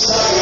Christ.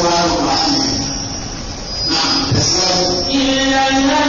القرآن العظيم نعم تسلم إلا الله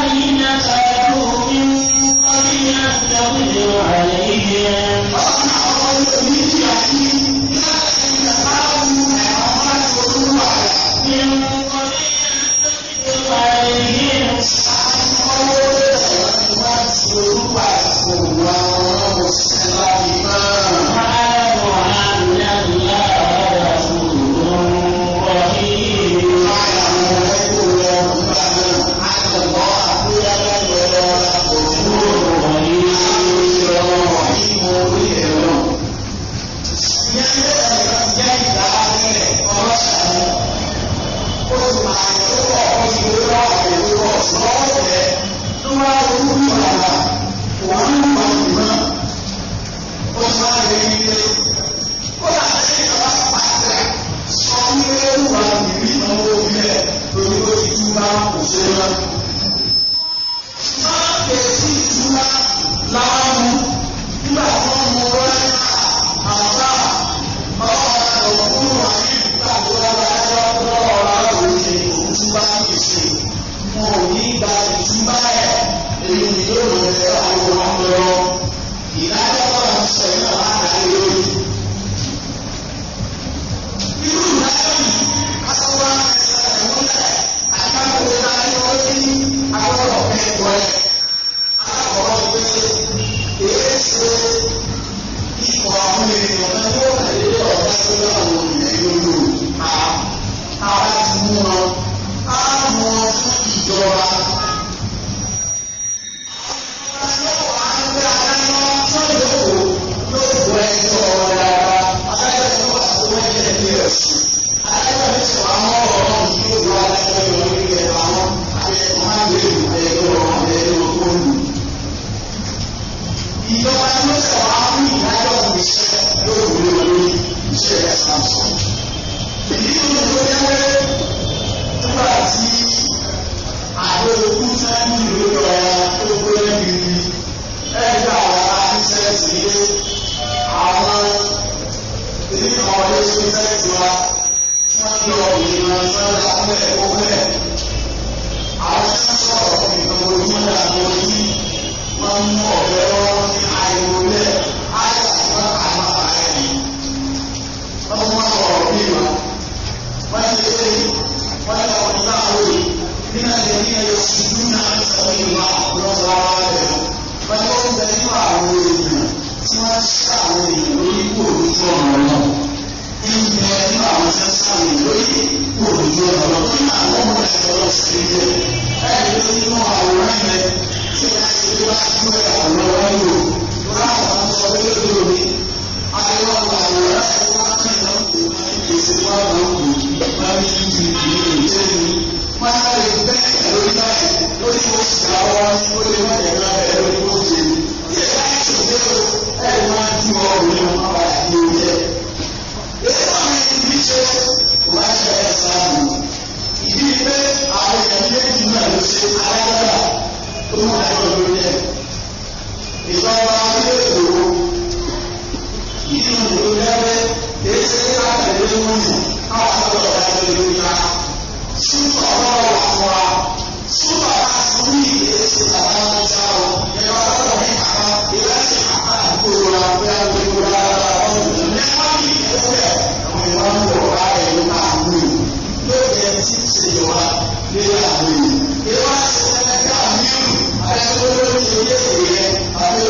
olórí ilé ìwé rẹ àti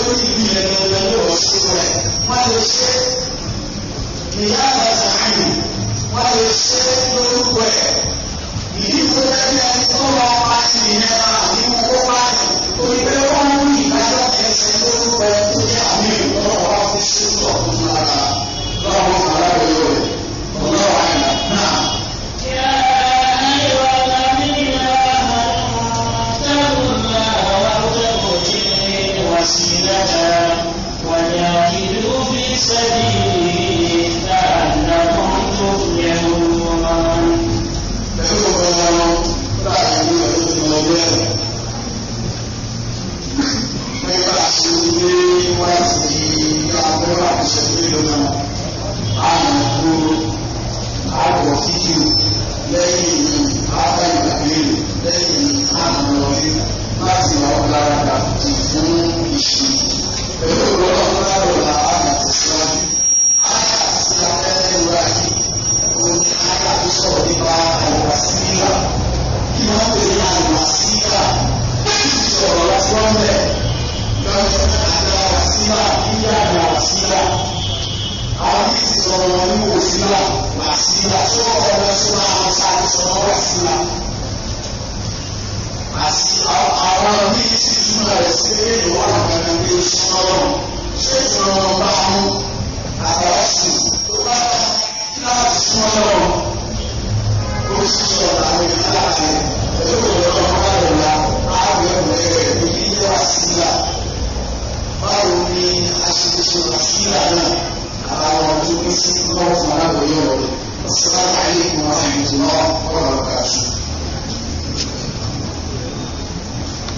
olórí ìlú rẹ